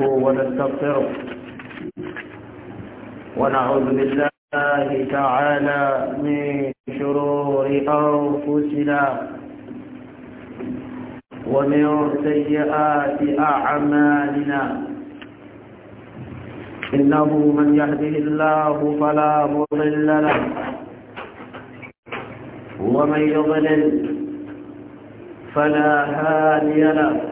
ونستغفره ونعوذ بالله تعالى من شرور أنفسنا ومن سيئات أعمالنا إنه من يهده الله فلا مضل له ومن يضلل فلا هادي له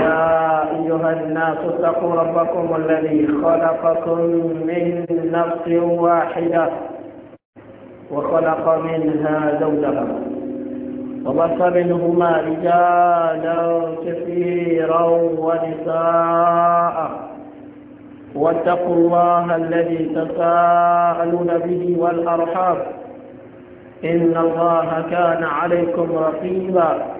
يا أيها الناس اتقوا ربكم الذي خلقكم من نفس واحدة وخلق منها زوجها وبص منهما رجالا كثيرا ونساء واتقوا الله الذي تساءلون به والأرحام إن الله كان عليكم رقيبا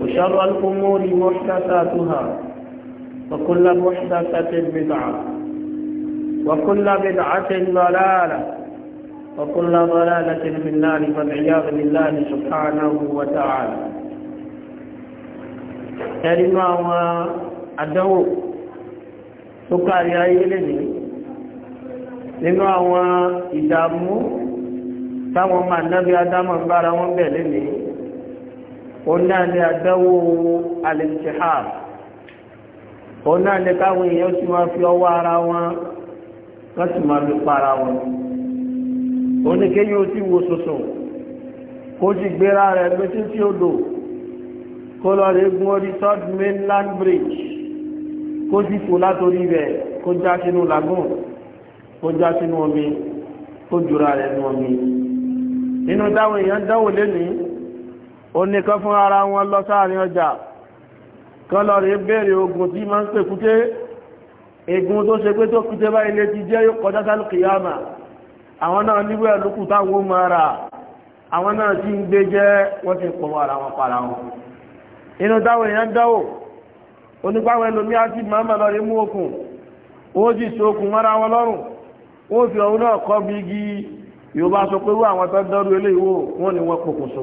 وشر الأمور محدثاتها وكل محدثة بدعة وكل بدعة ضلالة وكل ضلالة في النار فالعياذ بالله سبحانه وتعالى كلمة وأدعو سكر يا إلهي nínú àwọn ìdààmú táwọn ọmọ ànábí adámọ̀ ń bára wọn bẹ̀ lónìí ọ̀nà ni àdánwò al-imtihan ọ̀nà ni káwọn èèyàn sì máa fi ọwọ́ ara wọn wọ́n sì máa fi para wọn oníkéyìn ó ti wo soso kó sì gbéra rẹ̀ létí tí ó dò kó lọ rí gun orí third mainland bridge kó sì fò látòrí rẹ̀ kó já sínú lagoon kó já sínú omi kó jura rẹ̀ nú omi nínú dáwọn èèyàn dáwò lénìí ó ní kan fún ara wọn lọ sáàrin ọjà kan lọ rí bèèrè ogun tí máa ń pè kúté egun tó ṣe pé tó kúté bá ilé ti jẹ́ kọjá sálù kìyàmà àwọn náà níwẹ̀ lókù táwọn máa rà àwọn náà sì ń gbé jẹ́ wọ́n ti pọ̀ ara wọn para wọn inú táwọn èèyàn dáwò onípáwọn ẹlòmíà sí màmá lọ rí mú okùn ó sì so okùn mọ́ra wọn lọ́rùn ó fi ọ̀hún náà kọ́ bí igi yóò bá sọ pé wọ́n àwọn tó dọ́rú eléyìí wọ́n ni wọ́n pokùnso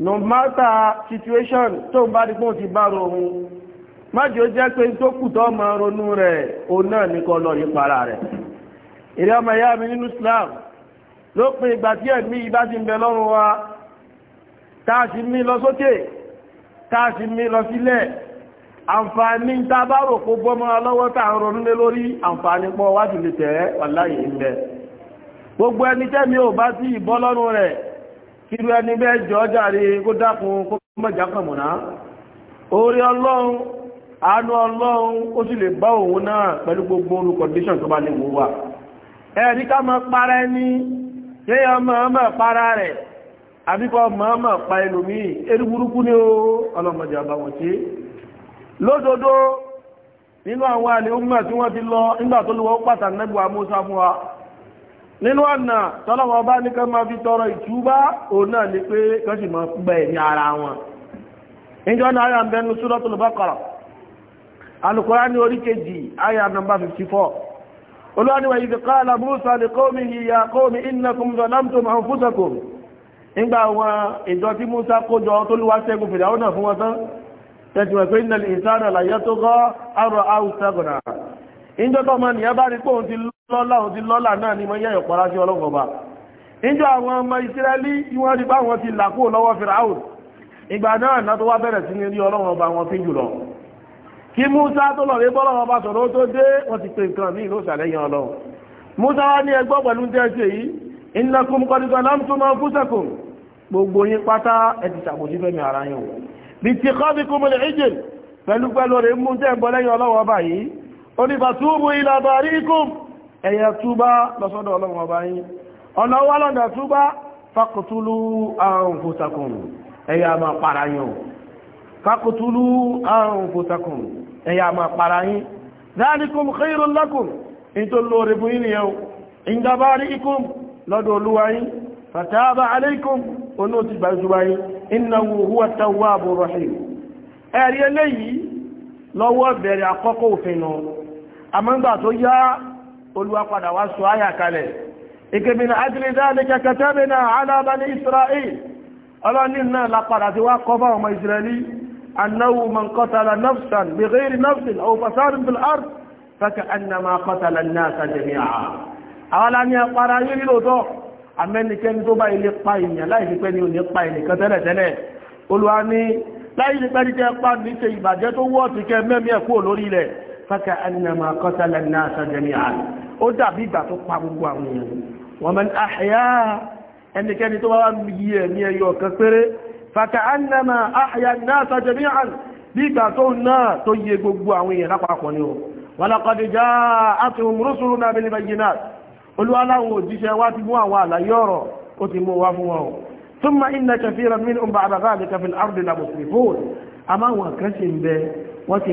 no matter situation tó bá dípò ti bá rohun májò jẹ́ pé tó kù tó mọ ronú rẹ̀ òun náà ní kọ́ lọ nípa ara rẹ̀ èrè ọmọ ìyá mi nínú Islam lópin ìgbà tí ẹ̀mí ìbá ti ń bẹ lọ́rùn wa táà sì mí lọ sókè táà sì mí lọ sílẹ̀ àǹfààní tá a bá rò kó bọ́mọ́ lọ́wọ́ tá à ronú lé lórí àǹfààní pọ̀ wájú lè tẹ̀ wà láyé ń bẹ gbogbo ẹni tẹ́mi ò bá sí ìbọ́ lọ́rùn rẹ̀ irú ẹni bẹ́ẹ̀ jọ jàre kó dákun kó mọ̀já kàmùná orí ọlọ́run àánú ọlọ́run ó sì lè bá òun náà pẹ̀lú gbogbo orú tó bá lè wó wà ẹ̀rí ká para ẹni kéèyàn máa máa para rẹ̀ àbíkọ́ máa máa pa ẹlòmíì burúkú ọlọ́mọdé nínú ọ̀nà tọ́lọ́wọ́ bá ní ká máa fi tọrọ ìtúbá òun náà ní pé kọ́ sì máa gbẹ ẹ̀mí ara wọn ìjọ náà ayà ń bẹnu Suratul Baqara Al-Qur'ani ní orí kejì ayà nọmbà 54 olúwàníwà idh qala Musa li ya qawmi innakum zalamtum anfusakum nígbà àwọn ìjọ tí Musa kójọ tó ṣẹ́gun náà fún wọn tán pé ìjọ tó nìyẹn bá rí pé òun lọ́lá òun ti lọ́lá náà ni mo yẹ́ ìpọ̀lá sí ọlọ́gbọ̀ba níjọ́ àwọn ọmọ ìsírẹ́lì tí wọ́n rí bá wọn ti làkó lọ́wọ́ fìràún ìgbà náà náà tó wá bẹ̀rẹ̀ sí ní rí ọlọ́run wọn fi jùlọ kí Musa tó lọ rí bọ́lọ́run sọ̀rọ̀ tó dé wọ́n ti pe nǹkan ní ìlú ìsàlẹ̀yìn ọlọ́run Musa wá ní ẹgbọ́ pẹ̀lú tẹ́ẹ̀sì èyí innakum qad zalamtum anfusakum kọ́ ẹ̀yẹ túbá lọ́sọ́dọ̀ ọlọ́run ọba yín ọ̀nà wà lọ́dọ̀ túbá faqtulu anfusakum ẹ̀yà máa para yín faqtulu anfusakum ẹ̀yà máa para yín dhalikum khairun lakum ìtò lórí fún yín nìyẹn inda bari'ikum lọ́dọ̀ olúwa yín fataba alaykum onú ti gbà ìtúbá yín innahu huwa tawwabur olúwa padà wá sọ áyà kalẹ̀ ìkébìnà adìrìdá lè kẹkẹtẹ́ bìnà alábàní israel ọlọ́ni náà lápadà tí wá kọ́ bá ọmọ israeli annáwó man kọtàlá nafsan bí gẹ́rì nafsin o fasarin bil ard fẹ́kẹ́ annama kọtàlá náà jẹ́míà láìsí pé ní ṣe ìbàjẹ́ tó wọ́ọ̀tì kẹ́ mẹ́mí ẹ̀kú lórí ilẹ̀ fẹ́kẹ́ annama kọtàlá náà jẹ́míà ó dàbí ìgbà tó pa gbogbo àwọn èèyàn wọ́n mẹ́ni àhìyá ẹnikẹ́ni tó wá yí ẹ̀mí ẹyọ kan péré fàkà annama àhìyá náà sàjẹ̀ ní àn bí ìgbà tó náà tó yẹ gbogbo àwọn èèyàn lápapọ̀ ni ó wọ́n ثم إن كثيرا منهم بعد ذلك في الأرض لمسرفون àmọ́ àwọn kan ṣì ń bẹ wọ́n ti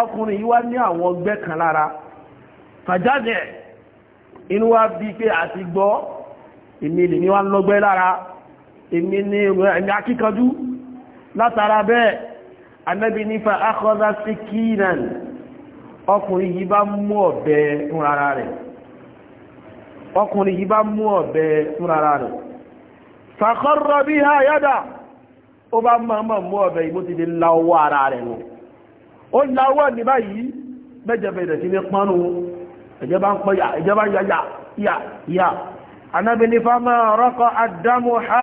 ọkùnrin yìí wá ní àwọn ọgbẹ́ kan lára fàjáde inú wa bí pé àti gbọ́ èmi lè ní wá lọ́gbẹ́ lára èmi ní ẹ̀mí akíkanjú látara bẹ́ẹ̀ anábi nífa akọ́dá sí kínan ọkùnrin yìí bá mú ọ̀bẹ fúnrara rẹ̀ ọkùnrin yìí bá mú ọ̀bẹ fúnrara rẹ̀ fàkọ́rọ̀ bí ha yádà ó bá mọ́ mọ́ ọ̀bẹ ìbó ti di la ara rẹ̀ nù ó láwọ́ ní báyìí mẹ́jẹ̀bẹ̀rẹ̀ sí ní pánú ìjọba ń pọ̀ yà ìjọba yà yà yà